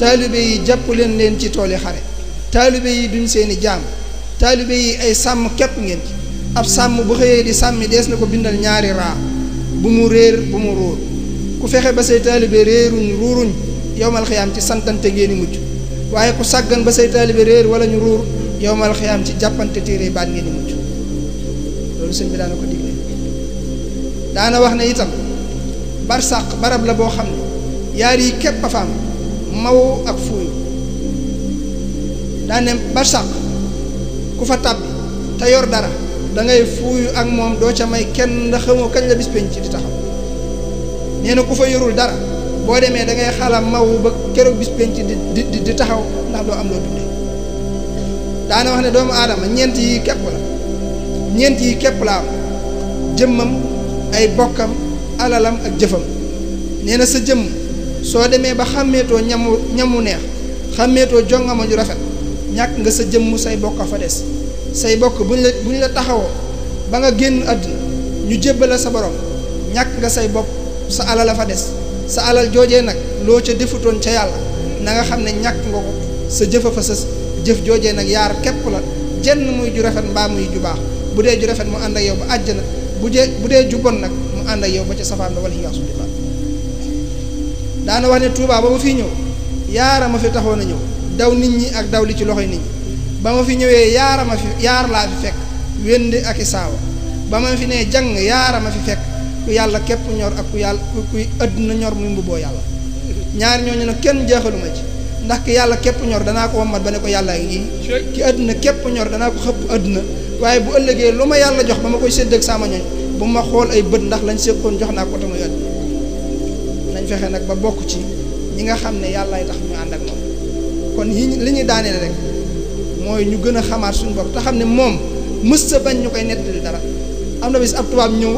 taalibe yi jàpp leen leen ci tooli xare taalibe yi duñ seeni jaam taalibe yi ay sàmm képp ngeen ci ab sàmm bu xëyee di sàmmi dees na ko bindal ñaari raa bu mu réer bu mu ruur ku fexe ba say taalibe réeruñ ruuruñ ci santante ngeen i mucc waaye ku sàggan ba say taalibe réer wala ñu ruur yowmal xiyaam ci jàppante téere baat ngeen i loolu sëñ bi daana ko digle daana wax na itam barsàq barab la boo xam ne yaar yi képp a fa maw ak fuuyu daane barsàq ku fa tàbbi te dara da ngay fuuyu ak moom doo ca may kenn ndax xamoo kañ la bis penc di taxaw nee na ku fa yorul dara boo demee da ngay xala maw ba keroog bis penc di di di taxaw ndax doo am loo dundee daana wax ne doomu aadama ñeent yi képp la ñeent yi képp la am jëmmam ay bokkam alalam ak jëfam nee sa jëmm soo demee ba xàmmeetoo ñamu ñamu neex xàmmeetoo jongama ju rafet ñàkk nga sa jëmm say bokk fa des say bokk bu ñu la taxawoo ba nga génn àdduna ñu jébbala sa borom ñàkk nga say bopp sa alal la fa des sa alal joojee nag loo ca defutoon ca yàlla na nga xam ne ñàkk nga ko sa jëfa fa sës jëf joojee nag yaar képp la jenn muy ju rafet mbaa muy ju baax bu dee ju rafet mu ànd ak yow ba àjjana bu dee bu dee ju bon nag mu ànd ak yow ba ca safaan ba wala daana wax ne Touba ba ma fi ñëw yaara ma fi taxoon a ñëw daw nit ñi ak daw li ci loxoy nit ñi ba ma fi ñëwee yaara ma fi yaar laa fi fekk wénd ak i saawa ba ma fi nee jàng yaara ma fi fekk ku yàlla képp ñor ak ku yàlla ku àdduna ñor muy mbubboo yàlla ñoo ñu nag kenn jeexaluma ci ndax ki yàlla képp ñor danaa ko wammat ba ne ko yàlla ngi ki àdduna képp ñor danaa ko xëpp àdduna waaye bu ëllëgee lu ma yàlla jox ba ma koy sédd ak sama ñooñ bu ma xool ay bët ndax lañ séqoon jox naa ko tamuy àdduna nañ fexe nag ba bokk ci ñi nga xam ne yàllaay tax ñu ànd ak moom kon yi li ñuy daaneel rek mooy ñu gën a xamaat suñu bopp te xam ne moom mës sa bañ ñu koy nettali dara am na bis ab tubaab ñëw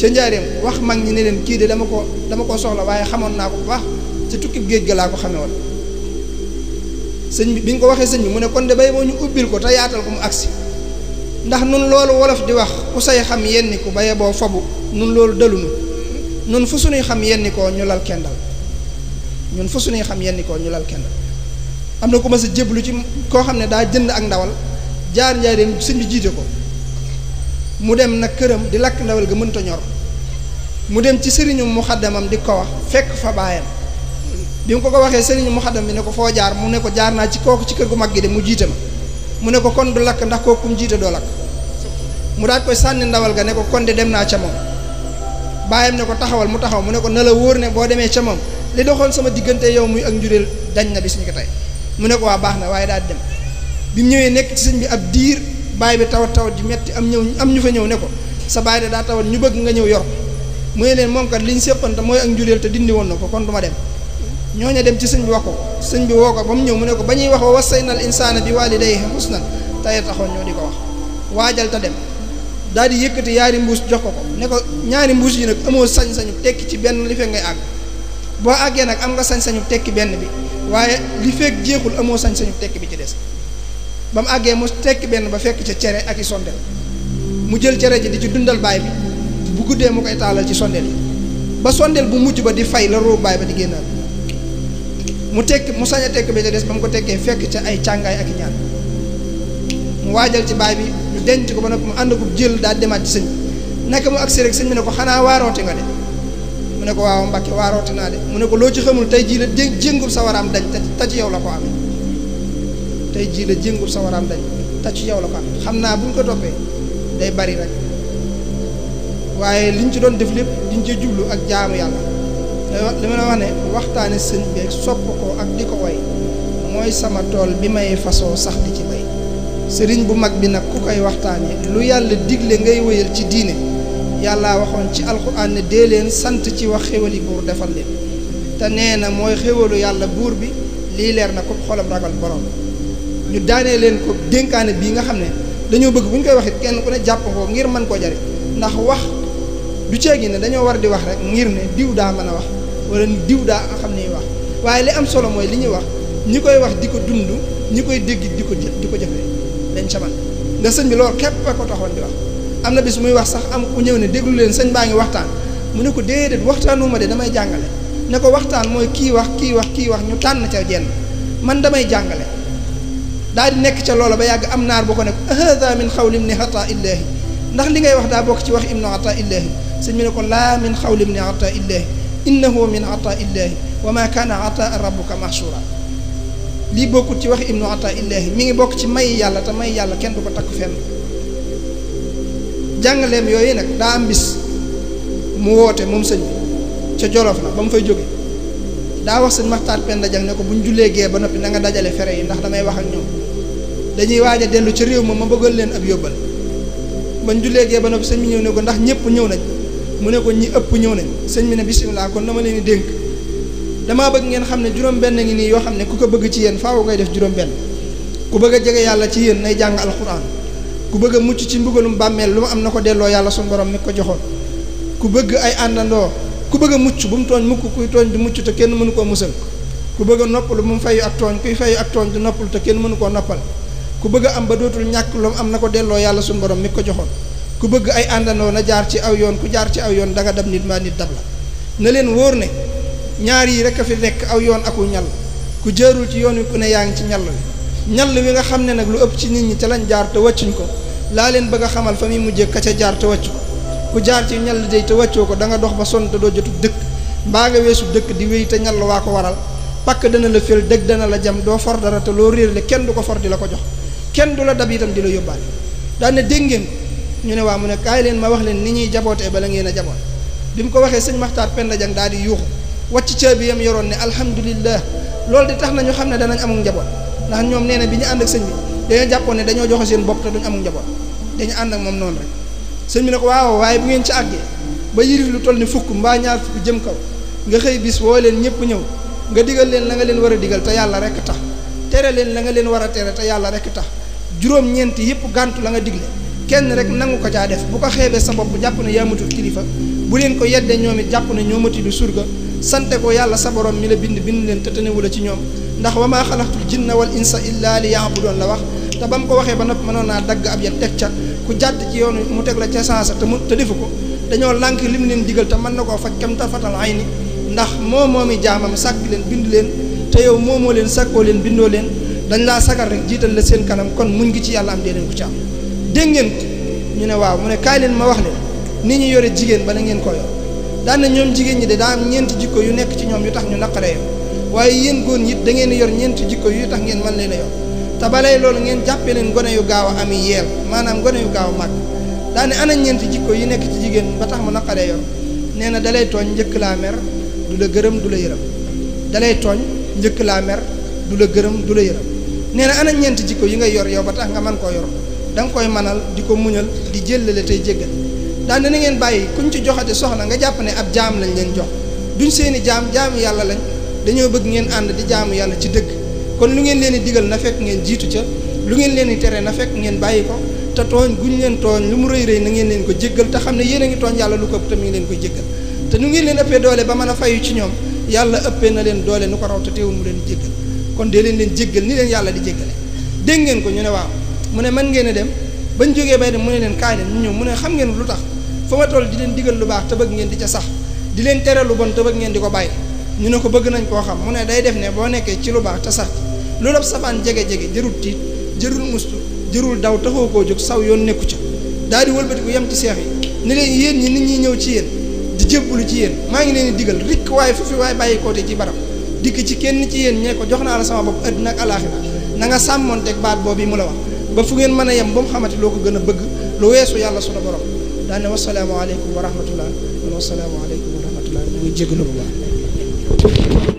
ca njaareem wax mag ñi ne leen kii de dama ko dama ko soxla waaye xamoon naa ko bu baax ci tukki géej ga laa ko xamee woon sëñ bi bi ñu ko waxee sëñ bi mu ne kon de bay boo ñu ubbil ko te yaatal ko mu agsi ndax nun loolu wolof di wax ku say xam yenn ku baye boo fabu nun loolu dalunu noonu fu suñuy xam yenni koo ñu lal kendal ñun fu suñuy xam yenni koo ñu lal kendal am na ku ma sa jéblu ci koo xam ne daa jënd ak ndawal jaar njaareem sëñ bi jiite ko mu dem nag këram di lakk ndawal ga mënta ñor mu dem ci sëriñu mu xaddamam di ko wax fekk fa baayam bi ko ko waxee sëriñu mu xaddam bi ne ko foo jaar mu ne ko jaar naa ci kooku ci kër gu mag gi de mu jiite ma mu ne ko kon du lakk ndax kooku mu jiite doo lakk mu daal koy sànni ndawal ga ne ko kon de dem naa ca moom bàyyam ne ko taxawal mu taxaw mu ne ko na la wóor ne boo demee ca moom li doxoon sama diggante yow muy ak njureel dañ na bi ni ko tey mu ne ko waa baax na waaye daal dem bi mu ñëwee nekk ci sëñ bi ak diir baay bi tawat tawat ji metti am ñëw am ñu fa ñëw ne ko sa baay de daa tawat ñu bëgg nga ñëw yor mu ne leen moom kat li ñu séqante mooy ak njureel te dindi woon na ko kon du ma dem ñooña dem ci sëñ bi wax ko sëñ bi woo ko ba mu ñëw mu ne ko ba ñuy wax wa wasaynal insaana bi waalidayhi husnan tey taxoon ñoo di ko wax waajal te dem daal di yëkkati yaari mbuus jox ko ko ne ko ñaari mbuus yi nag amoo sañ-sañu tekki ci benn li fekk ngay àgg boo àggee nag am nga sañ-sañu tekki benn bi waaye li fekk jeexul amoo sañ-sañu tekki bi ci des ba mu àggee mu tekki benn ba fekk ca cere ak i sondeel mu jël cere ji di ci dundal baay bi bu guddee mu koy taalal ci sondeel yi ba sondeel bu mucc ba di fay la roob baay ba di génnaal mu tekki mu sañ a tekki bi ca des ba mu ko tekkee fekk ca ay càngaay ak mu waajal ci baay bi ñu denc ko ba noppi mu ànd ko jël daal demaat ci sëñ naka mu agsi rek sëñ bi ne ko xanaa waarooti nga de mu ne ko waaw Mbàkke waaroote naa de mu ne ko loo ci xamul tey jii la je jéngub sawaraam dañ ta ci yow la ko amee tey sawaraam dañ ta ci yow la ko amee xam naa bu ñu ko toppee day bari rek waaye liñ ci doon def lépp diñ ci jublu ak jaamu yàlla li ma la wax ne waxtaane sëñ bi sopp ko ak di ko woy mooy sama tool bi may fasoo sax di ci bay sëriñ bu mag bi nag ku koy waxtaanee lu yàlla digle ngay wéyal ci diine yàlla waxoon ci alxuraan ne dee leen sant ci wax xéwal yi buur defal leen te nee na mooy xéwalu yàlla buur bi lii leer na ko xolam ragal borom ñu daanee leen ko dénkaane bii nga xam ne dañoo bëgg bu ñu koy waxit kenn ku ne jàpp ko ngir mën koo jariñ ndax wax du ceegi ne dañoo war di wax rek ngir ne diw daa mën a wax wala diw daa xam ne wax waaye li am solo mooy li ñuy wax ñi koy wax di ko dund ñi koy dégg di ko di ko jëfee lañ ca man nga sëñ bi loolu képp a ko taxoon di wax am na bis muy wax sax am ku ñëw ne déglu leen sëñ baa ngi waxtaan mu ne ko déedéet waxtaanu ma de damay jàngale ne ko waxtaan mooy kii wax kii wax kii wax ñu tànn ca jenn man damay jàngale daal di nekk ca loola ba yàgg am naar boo ko nekk hada min xawli ibni ata illaahi ndax li ngay wax daa bokk ci wax ibnu ata illaahi sëñ bi ne ko laa min xawli ibni ata illaahi innahu min ata illaahi wa ma kaana ataa lii bokkut ci wax ibnu ata yi mi ngi bokk ci may yàlla te may yàlla kenn du ko takk fenn jàngaleem yooyu nag daa am bis mu woote moom sëñ bi ca jolof na ba mu fay jóge daa wax sëñ maxtaar penda jang ne ko bu ñu jullee gee ba noppi na nga dajale fere yi ndax damay wax ak ñoom dañuy waaj a dellu ci réew ma ma bëggal leen ab yóbbal ba ñu jullee gee ba noppi sëñ bi ñëw ne ko ndax ñëpp ñëw nañ mu ne ko ñi ëpp ñëw nañ sëñ bi ne bisimilah kon dama leen di dénk damaa bëgg ngeen xam ne juróom-benn ngi nii yoo xam ne ku ko bëgg ci yéen faaw koy def juróom-benn ku bëgg a jege yàlla ci yéen nay jàng alxuraan ku bëgg mucc ci mbugalum bàmmeel lu am na ko delloo yàlla suñu borom ko joxoon ku bëgg ay àndandoo ku bëgg a mucc bu mu tooñ mukk kuy tooñ du mucc te kenn mënu koo musal ku bëgg a noppalu bu mu fayu ak tooñ kuy fayu ak tooñ du noppalu te kenn mënu koo noppal ku bëgg a am ba dootul ñàkk lu mu am na ko delloo yàlla suñu borom mi ko joxoon ku bëgg ay àndandoo na jaar ci aw yoon ku jaar ci aw yoon danga dab nit maa nit dab la na ñaar yi rek a fi nekk aw yoon aku ñal ku jërul ci yoon wi ku ne yaa ngi ci ñal wi ñal wi nga xam ne nag lu ëpp ci nit ñi ca lañ jaar te wàccuñ ko laa leen bëgg a xamal fa muy mujjee ka ca jaar te wàccu ko ku jaar ci ñal day te wàccoo ko da nga dox ba sonn te doo jotu dëkk mbaa nga weesu dëkk di wéy te ñal waa ko waral pakk dana la fél dëgg dana la jam doo for dara te loo réer le kenn du ko for di la ko jox kenn du la dab itam di la yóbbaale daane dégg ngeen ñu ne waa mu ne kaay ma wax leen ni ñuy jabootee bala ngeen a jaboot bi mu ko waxee sëñ Maxtaar Penda Jang daal di yuuxu wàcc caabi yam yoroon ne alhamdulillah loolu di tax na ñu xam ne danañ amul njaboot ndax ñoom nee na bi ñu ànd ak sëñ bi dañoo jàppoon ne dañoo joxe seen bopp te duñ amul njaboot dañu ànd ak moom noonu rek sëñ bi ne ko waaw waaye bu ngeen ci àggee ba yirif lu toll ni fukk mbaa ñaar fukk jëm kaw nga xëy bis woo leen ñëpp ñëw nga digal leen la nga leen war a digal te yàlla rek tax tere leen la nga leen war a tere te yàlla rek tax juróom-ñeent yëpp gàntu la nga digle kenn rek nangu ko caa def bu ko xeebee sa bopp jàpp ne yaa matul kilifa bu leen ko yeddee ñoom it jàpp ne ñoo mati du surga sante ko yàlla sa borom mi la bind bind leen te tënewu la ci ñoom ndax wa maa xalaqtul jinna wal insa illa bu doon la wax te ba mu ko waxee ba nopp mënoon naa dagg ab yan teg ca ku jàdd ci yoonu mu teg la ca sansa te mu te defu ko dañoo lànk lim leen digal te mën na koo faj kam tafatal ay ni ndax moo moomi jaamam sàkk leen bind leen te yow moomoo leen sàkkoo leen bindoo leen dañ laa sagar rek jiital la seen kanam kon muñ ngi ci yàlla am dee leen ko ci ngeen ñu ne waaw mu ne kaay ma wax leen ni ñu yore jigéen ba na ngeen ko daan na ñoom jigéen ñi de daa am ñeenti jikko yu nekk ci ñoom yu tax ñu naqaree yor waaye yéen góor ñi it da ngeen di yor ñeenti jikko yu tax ngeen mën leen a yor te balay loolu ngeen jàppee leen gone yu gaaw a am yeel maanaam gone yu gaaw mag daa ne ana ñeenti jikko yi nekk ci jigéen ba tax mu naqaree yor nee na dalay tooñ njëkk laa mer du la gërëm du la yërëm dalay tooñ njëkk laa mer du la gërëm du la yërëm nee na ana ñeenti jikko yi nga yor yow ba tax nga mën koo yor da nga koy di ko muñal di jëllale tey jéggal daan na ngeen bàyyi kuñ ci joxati soxna nga jàpp ne ab jaam lañ leen jox duñ seeni jaam jaamu yàlla lañ dañoo bëgg ngeen ànd di jaamu yàlla ci dëgg kon lu ngeen leen di digal na fekk ngeen jiitu ca lu ngeen leen di tere na fekk ngeen bàyyi ko te tooñ guñ leen tooñ lu mu rëy rëy na ngeen leen ko jéggal te xam ne yéen a ngi tooñ yàlla lu ko ëpp tam ngeen leen ko jéggal te nu ngeen leen ëppee doole ba mën a fayu ci ñoom yàlla ëppee na leen doole nu ko raw te teewul mu leen di jéggal kon dee leen leen jéggal ni leen yàlla di jéggale dégg ngeen ko ñu ne waaw mu mën ngeen dem bañ jógee bay dem mu ne leen kaay leen ñu ñëw ne xam ngeen lu tax fa ma toll di leen digal lu baax te bëgg ngeen di ca sax di leen tere lu bon te ngeen di ko bàyyi ñu ne ko bëgg nañ koo xam mu ne day def ne boo nekkee ci lu baax te sax loolu ab safaan jege-jege jërul tiit jërul mustu jërul daw taxoo koo jóg saw yoon nekku ca daal di wëlbatiku yem ci seex yi ni leen yéen ñi nit ñi ñëw ci yéen di jébbalu ci yéen maa ngi leen di digal rikk waaye fu fi waaye bàyyi koote ci barab dikk ci kenn ci yéen ñee ko jox naa la sama bopp àddina ak na nga sàmmoonteeg baat boobu mu la wax ba fu ngeen mën yem ba xamante loo ko gën a bëgg lu weesu yàlla sunu borom daan ne wasalaamaaleykum wa rahmatullah man wasalaamaaleykum wa rahmatullah mu ngi jégalu bu baax